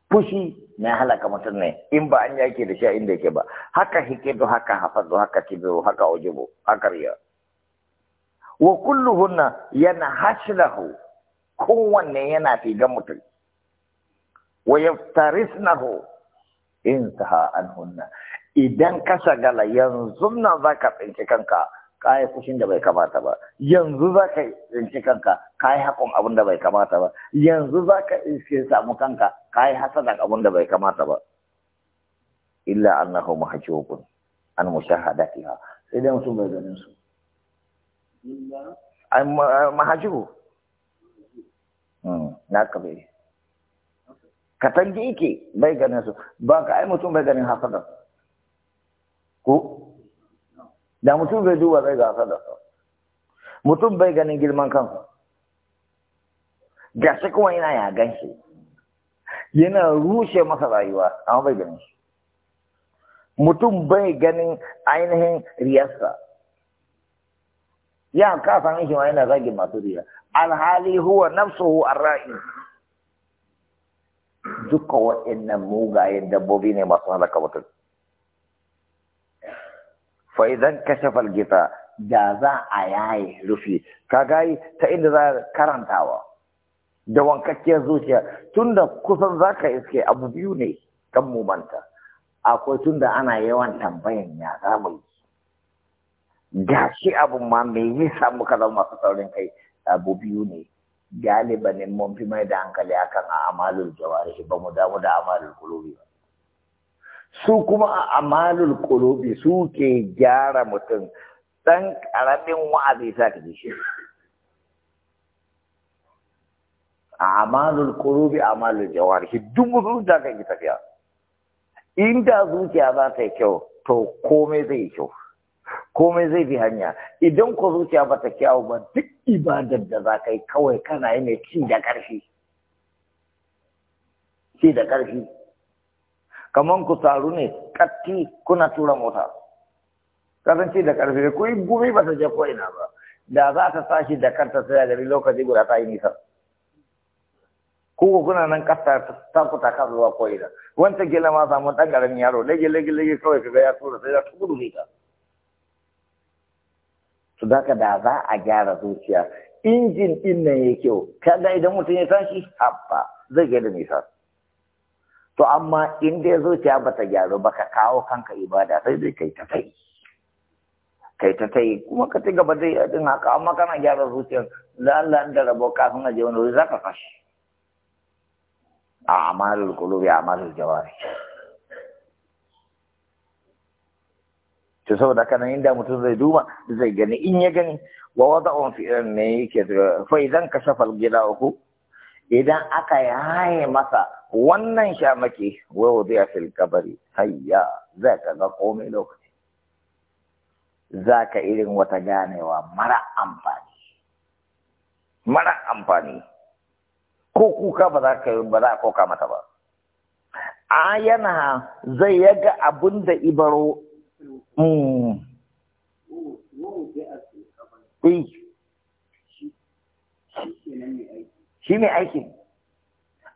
fushi ne halaka mutum ne in ba an yake da shi inda yake ba haka hikidu haka hasadu haka kibiru haka ujubu haka riya'i wa kulluhunna yana hashlahu kowanne yana figan mutum wa yaftarisnahu intaha anhunna idan ka shagala yanzu nan ka tsinci kanka kayi fushin da bai kamata ba yanzu za ka tsinci kanka kayi haƙon abin da bai kamata ba yanzu za ka iske samu kanka kayi hasadan abin da bai kamata ba illa annahu mahjubun an mushahadatiha sai dai mutum bai ganin su ai mahaju hmm, na kabe ka tange yake bai ganin su ba ka ai mutum bai ganin hasada Ku? da mutum bai duba bai ga hasada mutum bai ganin girman kansa ga shi kuma yana ya gan shi yana rushe masa rayuwa amma bai ganin shi mutum bai ganin ainihin riyarsa ya ka san shi ma yana zagin masu riya alhali huwa nafsuhu arra'i duka waɗannan mugayen dabbobi ne masu halaka mutum fa idan kashafa algita da za a yaye rufi ka gayi ta inda za karantawa da wankakkiyar zuciya tunda kusan zaka iske abu biyu ne kan manta, akwai tunda ana yawan tambayan ya zamu da shi abun ma me yasa muka zama masu saurin kai abu biyu ne ne mun fi mai da hankali akan a amalul jawarihi ba mu damu da amalul kulubi ba su kuma a amalul kulubi su ke gyara mutum dan karamin wa'azi sa ka shi a amalul kulubi amalul jawarihi duk mutum da kan yi tafiya inda zuciya za ta yi kyau to komai zai yi kyau komai zai bi hanya idan ko zuciya ba ta kyawu ba duk ibadar da za ka yi kawai kana yi mai ci da ƙarfi ci da ƙarfi kamar ku taru ne ƙatti kuna tura mota kasan ci da ƙarfi ko gumi ba ta je ko ina ba da za ta tashi da kanta sai a gari lokaci guda ta yi nisa ko kuna nan ƙasa ta kuta ka zuwa ko ina wancan gila ma samu ɗan ƙaramin yaro lege lege lege kawai ka ga ya tura sai ya ta gudu ta za ka da za a gyara zuciya injin din nan ya kyau kaga idan mutum ya tashi habba zai ga da nisa to amma in dai zuciya bata gyaru ba ka kawo kanka ibada sai dai kai ta kai kai ta tai kuma ka ci gaba dai din haka amma kana gyara zuciyar da Allah da rabo kafin a je wani wuri za ka fashi a amalul qulubi amalul jawari to saboda haka nan inda mutum zai duba zai gani in ya gani wa on fi ne eh, yake fa idan kashafa gida uku idan aka yaye masa wannan shamake wa ya fil kabari hayya zai ga komai lokaci zaka irin wata ganewa mara amfani mara amfani ko kuka ba za ka yi ba za a koka mata ba a yana zai yaga abin da ibaro shi ne aiki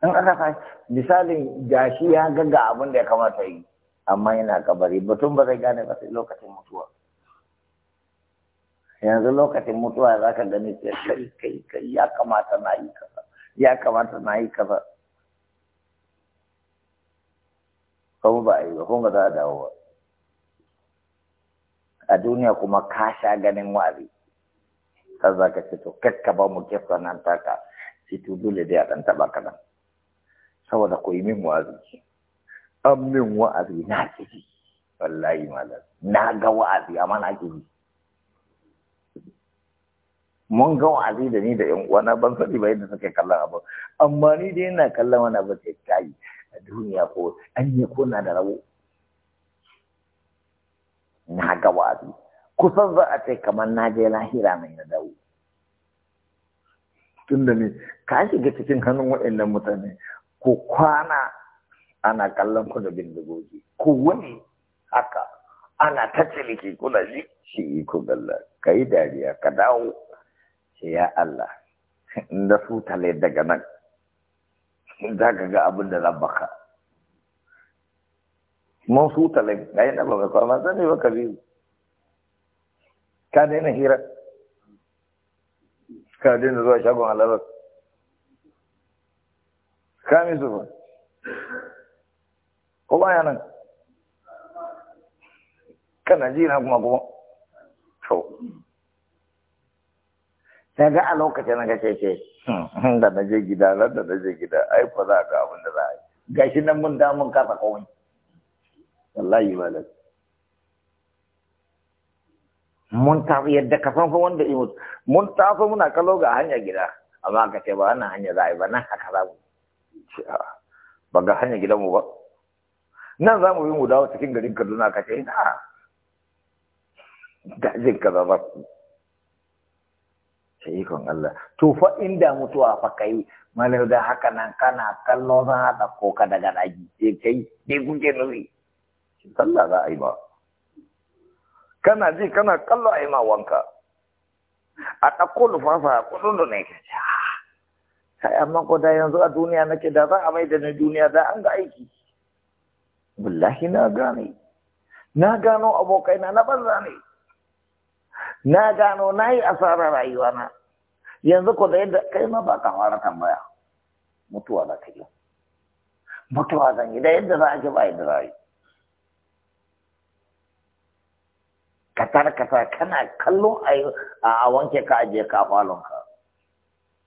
in an rafa misalin shi ya gaga abin da ya kamata yi amma yana kabari batun ba zai gane ba sai lokacin mutuwa yanzu lokacin mutuwa za ka gani sai kai kai kai ya kamata na yi kaza ya kamata na yi kaza kuma ba a yi ba kuma ba za a dawo ba a duniya kuma ka sha ganin wa'azi ta za ka ce to kakka ba mu kisa nan taka shi dole dai a ɗan taɓa nan saboda ku yi min wa'azi an min wa'azi na ciki. wallahi malam na ga wa'azi amma na ciki. mun ga wa'azi da ni da uwa uwana ban sani ba yadda suke kallon abu amma ni dai ina kallon wani abu sai kai a duniya ko an yi ko na da rabo na ga wa'azi kusan za a ce kamar na je lahira mai na dawo tunda ne ka shiga cikin hannun waɗannan mutane ko kwana ana kallon ku da bindigogi ko wani haka ana ta ciniki kuna ji shi iko galla ka yi dariya ka dawo shi ya Allah inda su tale daga nan za ka ga abin da zan baka mun su lai ga yadda ba ka ma sani ba kabiru ka daina hira ka daina zuwa shagon alarar ka mi zuwa ko baya nan kana ji na kuma kuma to ga a lokacin na kace ce da na je gida da na je gida ai fa za ka abin da za a yi gashi nan mun damun kasa kawai wallahi malam mun tafi yadda ka san fa wanda imu mun tafi muna kallo ga hanya gida amma ka ce ba wannan hanya za a yi ba nan haka za mu ba ga hanya gidan mu ba nan za mu yi mu dawo cikin garin Kaduna ka ce ina da gajin ka za ku sai ikon Allah to fa inda mutuwa fa kai malar da haka nan kana kallo za a ko ka daga daji sai kai dai kuke nuri sallah za a yi ba kana ji kana kallo a yi ma wanka a ɗauko lufafa a kudin da ne sai amma ko da yanzu a duniya nake da za a mai da na duniya da an ga aiki wallahi na gane na gano abokaina na banza ne na gano na yi rayuwa rayuwana yanzu ko da yadda kai ma ba ka fara tambaya mutuwa za ka yi mutuwa zan yi da yadda za a ji ba yadda za a yi ka tarkata kana kallon a wanke ka ajiye ka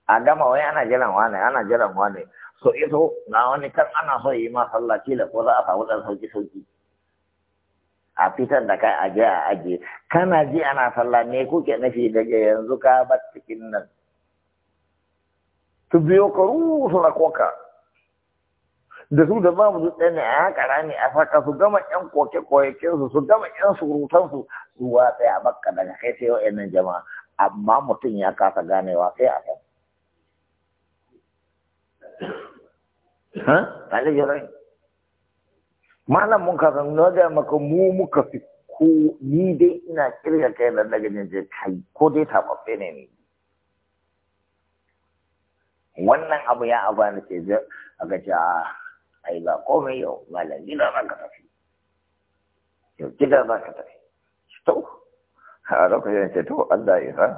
a gama wai ana jiran wane ana jiran wane so ito na wani kan ana so yi ma sallaci da ko za a samu dan sauki sauki a fitar da kai aje a aje kana ji ana sallah ne kuke nafi daga yanzu ka bar cikin nan su biyo ka rusu koka. da su da babu duk ɗaya ne a haka rami a saka su gama ƴan koke koyakin su su gama ƴan surutan su su watsa a bakka daga kai sai wa'annan jama'a amma mutum ya kasa ganewa sai a san ha alaihi rai malam mun kasa na ga maka mu muka fi ko ni dai ina kirga kai da daga jinje kai ko dai tababbe ne ne wannan abu ya abana ce a ah, ga a ai ba komai yau malam gida ba ka tafi yau gida ba ka tafi to a lokacin ce to Allah ya sa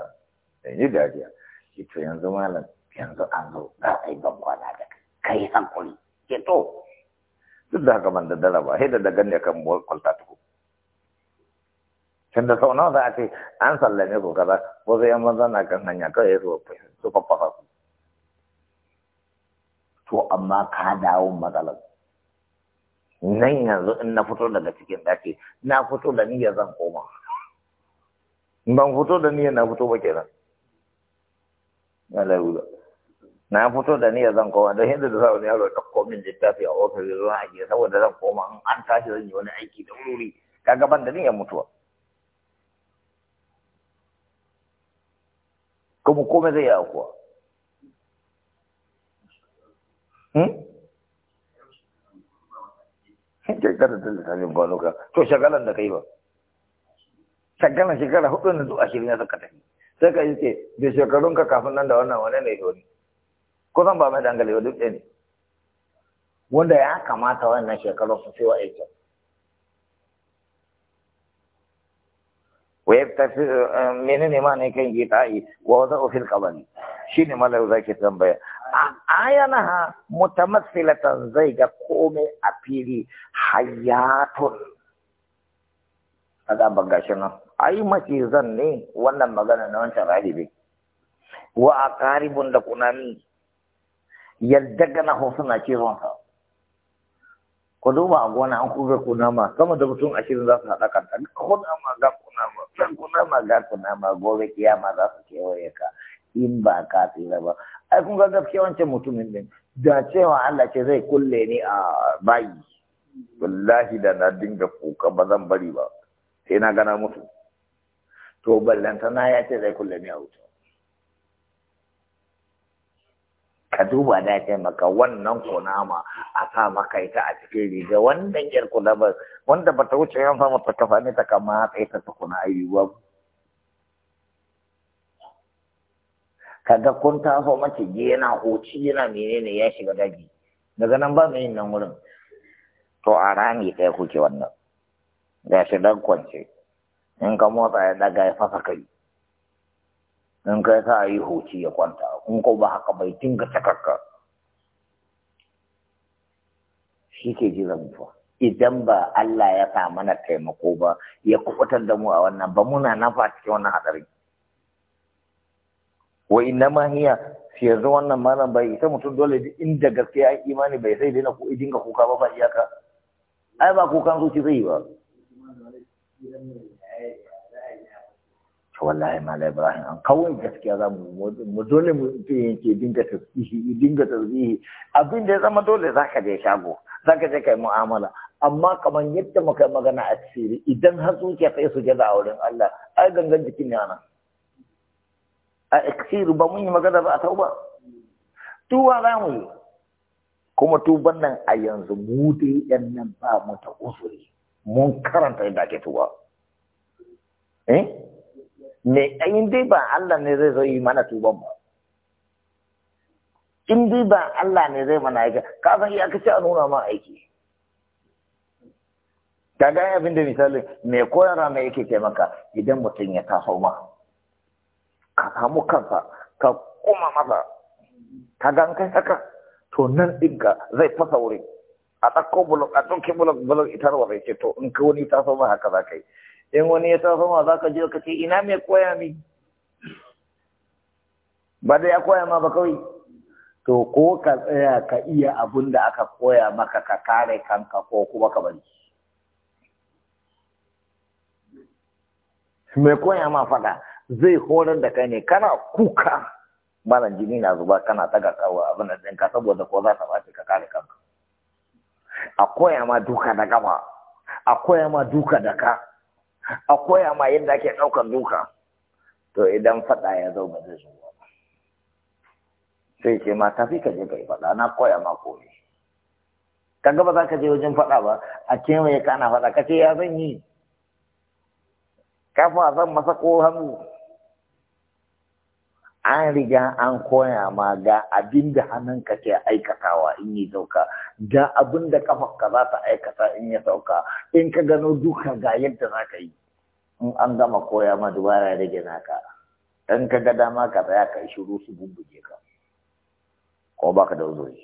in yi dariya ce to yanzu malam yanzu an zo za a yi kwana da kai hankali ke to duk da haka man da dala ba sai da daga ne kan kwalta tuku ku tunda sau nawa za a ce an sallame ku kaza ko sai 'yan yamma na kan hanya kawai ya zuwa su faffafa ku to amma ka dawo matsalar nan yanzu in na fito daga cikin ɗaki na fito da niyyar zan koma ban fito da niyyar na fito ba kenan Allah na fito da niyyar zan koma don yadda da sa wani yaro ɗauko min littafi a ofis zuwa a gida saboda zan koma an tashi zan yi wani aiki da wuri kaga gaban da niyyar mutuwa kuma komai zai yi akuwa hmm? da to shagalan da kai ba. shagana shekara hudu na duk ashirin ya suka tafi sai ka yi ce da shekarunka kafin nan da wannan wani ne Ko kusan ba mai dangale wa duk ɗani ne wanda ya kamata wannan shekarun su sai wa aikin wa yabtafi eh, menene ma ne kan yi wa wada shi ne shine mallau zaki tambaya A ayanaha mutamasilatan zai ga komai a fili hayatun kaga ban gashi nan ai zan ne wannan magana na wancan rahibi wa aqaribun da kunami yadda gana suna cizon sa ku duba a gona an kuga kunama sama da mutum ashirin za su haɗa kanta kunama ga kunama can kunama ga kunama gobe kiyama za su kewaye ka in ba ka tsira ba ai kun ga gaskiya wancan mutumin din da cewa Allah ce zai kulle ni a bayi wallahi da na dinga kuka ba zan bari ba sai na gana mutu to ballantana ya ce zai kulle ne a wuta ka duba da taimaka maka wannan kunama a sa maka ita a cikin riga wannan yar ba wanda ba ta wuce yan sama ta kafa ne ta kama ita ta kuna ayyuwa kaga kun fa mace yana hoci yana menene ya shiga daji daga nan ba mai yin nan wurin to a rami ɗaya kuke wannan ga shi dan kwance in ka motsa ya daga ya fasa kai in kai sa yi hoci ya kwanta in ko ba haka bai tinka cakakka shi ke ji jira fa idan ba Allah ya sa mana taimako ba ya kubutar da mu a wannan ba muna fa cikin wannan hadari wa inna ma hiya shi yanzu wannan malam bai ita mutum dole inda gaskiya imani bai sai dai na ko idinka kuka ba ba iyaka ai ba kukan zuci zai yi ba wallahi mala ibrahim an kawai gaskiya za mu dole mu ke dinga tasbihi dinga tasbihi abin da ya zama dole ka je shago zaka je kai mu'amala amma kamar yadda muka magana a tsiri idan har zuciya kai su jada a wurin Allah ai gangan jikin ne ana a iksiru ba mun yi magana ba a tauba tuwa za mu yi kuma tuban nan a yanzu mu dai yan nan ba mu ta usuri mun karanta yadda ake tuba eh me ayin dai ba Allah ne zai zai mana tuban ba in dai ba Allah ne zai mana aiki ka san iya kace a nuna ma aiki kaga abin da misali me koyarwa me yake ke maka idan mutum ya taso ma ka samu kansa ka kuma masa ka gan kai haka to nan ɗinka zai fasa wurin a ɗauko bulok a ɗauke bulok bulok ita rawa ce to in ka wani taso ma haka za ka yi in wani ya taso ma za ka je ka ce ina mai koya mi ba da ya koya ma ba kawai to ko ka tsaya ka iya abun da aka koya maka ka kare kanka ko kuma ka bari mai koya ma faɗa zai horar da kai ne kana kuka malam jini na zuba kana daga kawo abin da ɗinka saboda ko za ta ba ka kare kanka a koya ma duka da gama a koya ma duka da ka a koya ma yadda ake ɗaukar duka to idan faɗa ya zo ba zai zuwa ba sai ce ma tafi ka je kai faɗa na koya ma komai ka gaba za ka je wajen faɗa ba a kewaye kana faɗa ka ce ya zan yi kafa zan masa ko hannu an riga an koya ma ga abin da hannunka ke aikatawa in yi sauka ga abin da kafarka za ta aikata in yi sauka in ka gano duka ga yadda za ka yi in an gama koya ma dubara rage naka dan ka ga dama ka tsaya ka yi shiru su bubbuge ka ko ba da uzuri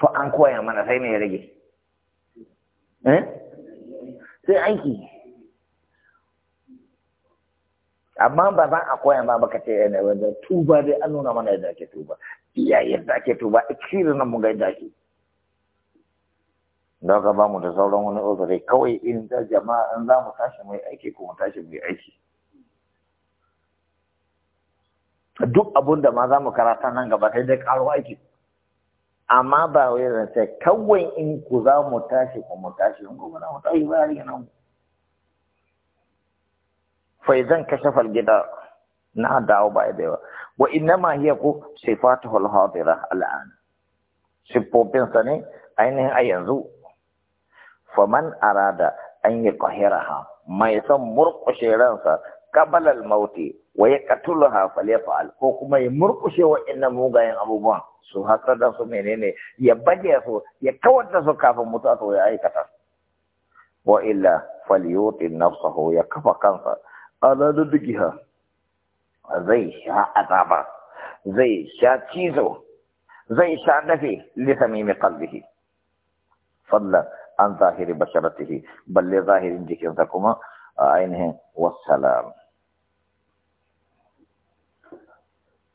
to an koya mana sai me ya rage eh? sai aiki amma ba za a koya ma baka ce yana eh, wanda tuba dai an nuna mana yadda ake tuba iya yadda ake tuba ikiri nan mun ga yadda ake don ka ba da sauran wani uzuri kawai in da jama'a in za mu tashi mai aiki kuma tashi mai aiki duk abun da ma za mu karata nan gaba sai dai karo aiki amma ba wai zance kawai in ku za mu tashi ko tashi in ku za mu tashi ba ya rage nan faizan kashafal gida na dawo ba da yawa wa innama hiya ku sifatuhul hadira al'an siffofin sa ne ainihin a yanzu faman arada an yi qahiraha mai son murƙushe ransa qabala al-mauti wa yaqtuluha falyaf'al ko kuma ya murƙushe wa'annan mugayen abubuwan su hasada su menene ya baje su ya kawar su kafin mutuwa ya aikata wa illa falyuti nafsahu ya kafa kansa على ذبقها زي شا أتعب زي شاتيزو زي شانه لثميم قلبه صلى عن ظاهر بشرته بل لظاهر ذكركما آئنه آه، والسلام